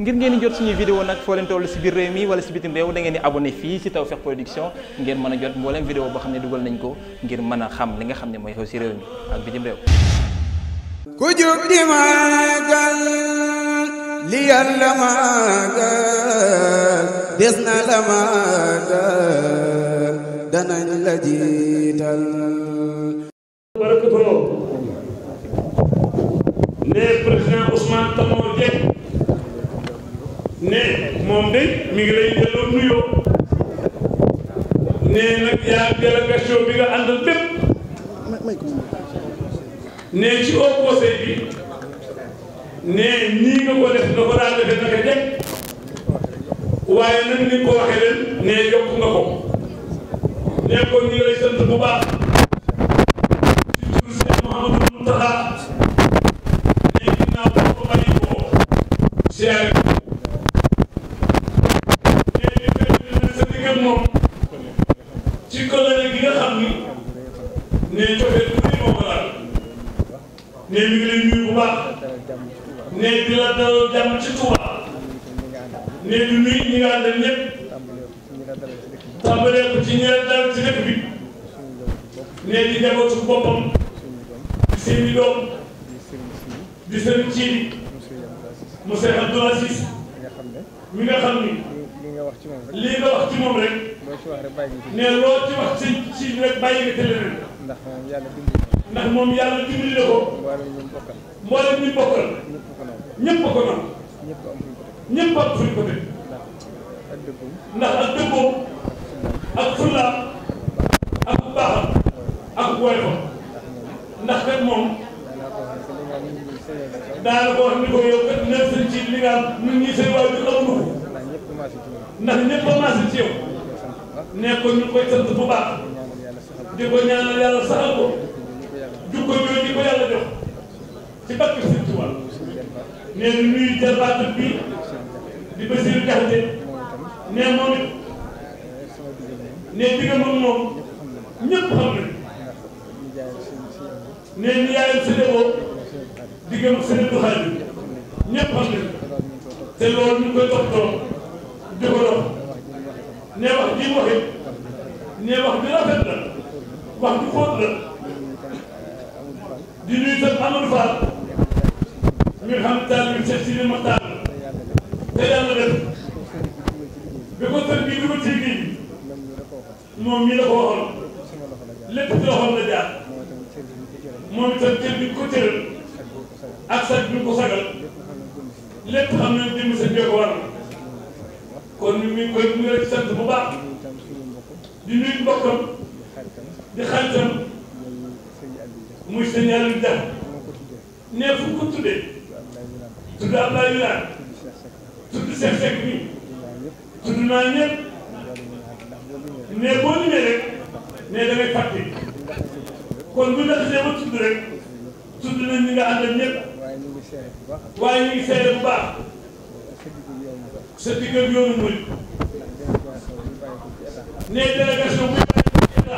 ngir ngeen jot suñu vidéo nag foo leen si biir réew mi wala si bitim réew da ngeen di abonné fii si Tawfekh Production ngeen mën a jot mbooleem vidéo boo xam ne dugal nañ ko ngir mën a xam li nga xam ne mooy xew si réew mi ak bitim réew ku jóg di maagal li yàlla maagal des na la maagal danañ la jiital barakatoo ne moom de mi ngi lay delloo nuyoo ne nag yaa délégation bi nga àndal bépp ne ci au conseil bi ne nii nga ko def nga ko daan defee naka jekk waaye nag ni ko waxee leen ne yokk nga ko ne kon ñu ngi lay sant bu baax. ak moom ci collègue gi nga xam ni ne cofet bu ne moo ko laal ne mi ngi lay nuyu bu ne di la dalal jàmm ci Touba ne du nuyu ñi nga àndal ñëpp tàmbalee ko ci ñeneen dal ci bi ne di njabootu boppam di seen di seen ciini monsieur Abdou Aziz mi nga xam ni li wax ci moom rek. lii nga wax ci moom rek. loo ci wax rek bàyyi nga ci. ne loo ci wax rek bàyyi nga ci ndax moom yàlla dimbali. ndax moom la ko. mboolem ñu bokkal. mboolem ñu bokkal. ñëpp ko noonu. ñëpp ko noonu. ñëpp am fuñ ko teg. ñëpp am fuñ ko teg. ndax ak dëggoom. ndax ak dëggoom. ak fullaam. ak baaxam. wax ni ko yow kat nekk ci li nga am ñii seen waajur ndax ñëpp a maase ci yow ne ko ñu koy sant bu ba di ko ñaanal yàlla saxal ko jukko ñoo ñi ko yàlla jox ci bakk Sëriñ Tuubaa nee na nuyu jarbaat bi di Basiru Jaxate ne moom it ne diggam ak moom ñëpp xam nañ ne ñu yaayam séddoo diggam ak Sëriñ Abdou Khadre ñëpp xam nañ te loolu ñu koy topp toog dëgëral ne wax ji mu waxit ne wax bi rafet la wax bi xóot la di nuyu sëñ Amadou Fall mi xam taal bi sëñ si li ma taal te bi ko sëñ bi dugal ci kii moom mii la ko waxoon lépp ci loxoom la jaar moom itam cër bi ko cëral sagal lépp xam nañ jëm sëñ bi kon ñu ngi koy ñu ngi sant bu ba di nuyu mbokkam di xaritam muy sëñ Aliou Dia ne fu ko tuddee tudd Abdoulaye Wilane tudd Cheikh Seck mi tudd naa ñëpp ne boo ñëwee rek ne damay fàtte kon bu ndaxasee ba tudd rek tudd nañ ñi nga àndal ñëpp waaye ñu ngi seere bu sa digal yoonu murid ne délégation bu bàyyi ko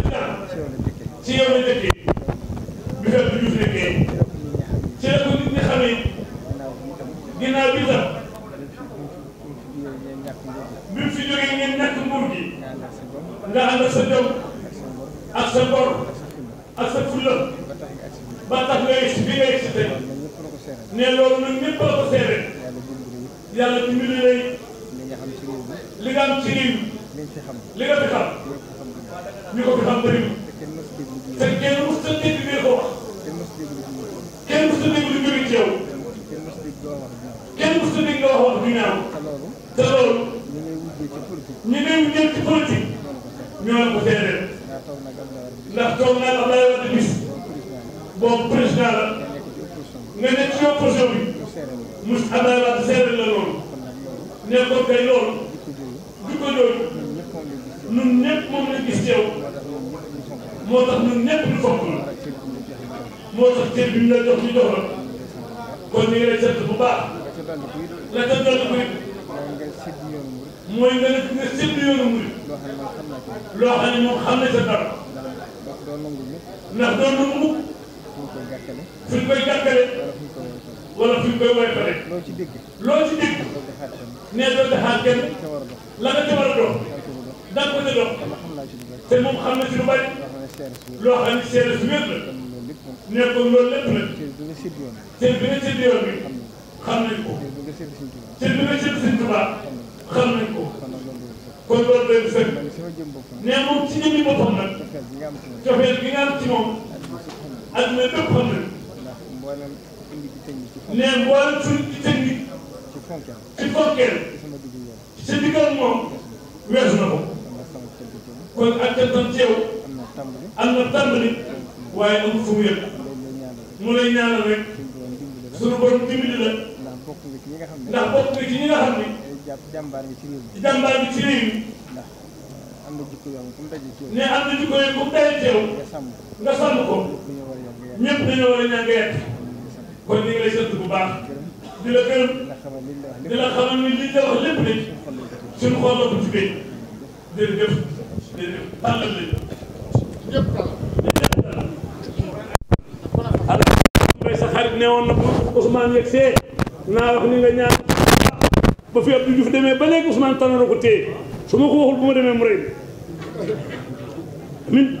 état ci yow la dëkkee bi fekk Diouf nekkee ci la ko nit ñi xamee ginnaaw bi tam bi mu fi jógee ngeen ñàkk nguur gi nga ànd ak sa jom ak sa ngor ak sa fulla ba tax nga yegg si bi nga yegg si tey ne loolu nag ñëpp la ko seere yàlla ci mbir lay li nga xam ci réew mi li nga am ci réew mi fi xam li nga fi xam ñu ko fi xam bëri te kenn mës a dégg bi ko wax kenn mës a dégg lu jóge ci yow kenn mës a dégg nga wax wax du ñaaw te loolu ñu ngay wujjee ci politique la ko seedeel ndax naa la Abdoulaye Wade bis boobu président la nga nekk ci opposition bi mus Abdoulaye Wade seere la loolu ne ko kay loolu di ko jooju ñun ñëpp moom la gis teew moo tax ñun ñëpp ñu fonk la moo tax cër bi ñu la jox ñu jox la kon ñu ngi lay bu baax la ca dolli ko it nekk nga sédd yoonu murid loo xam ne moom xam fu ñu koy gàkkale wala fi mu koy woy pare. loo ci dégg. loo ci dégg. ne doo defaat kenn. la nga ca war a dox. da nga ko ca dox. te moom xam na ci lu bari. loo xam ne seere su wér la. nekkoon loolu lépp nag. te bi nga sédd yoon bi. xam nañ ko. te bi nga sédd Sëñ Tuubaa. xam nañ ko. kon loolu doy na sëkk. ne moom ci jëmmi boppam nag. cofeel bi nga am ci moom. adduna bépp xam nañ. nee mboolem suñ ci si ci fonkeel ci sa digal moom weesu na ko kon ak jantam teew am na tàmbali waaye amul fu mu yëg mu lay ñaanal la ndax bokk nga ci ñi nga xam ne ndax bokk nga ci ñi nga xam ne jàmbaar bi ci réew mi jàmbaar bi ci réew mi am na jikko yoo xam ne am na jikko yoo xam ne bu mu daje teew nga sàmm ko ñëpp dañoo war a ñàgg kon ñu ngi lay sant baax di la gërëm di la xamal ko jugee jërëjëf jërëjëf tàllal lañu ñëpp tàllal alhamdulilah sa xarit ne woon na naa wax ni nga ba fi Abdou Diouf demee ba ma ko waxul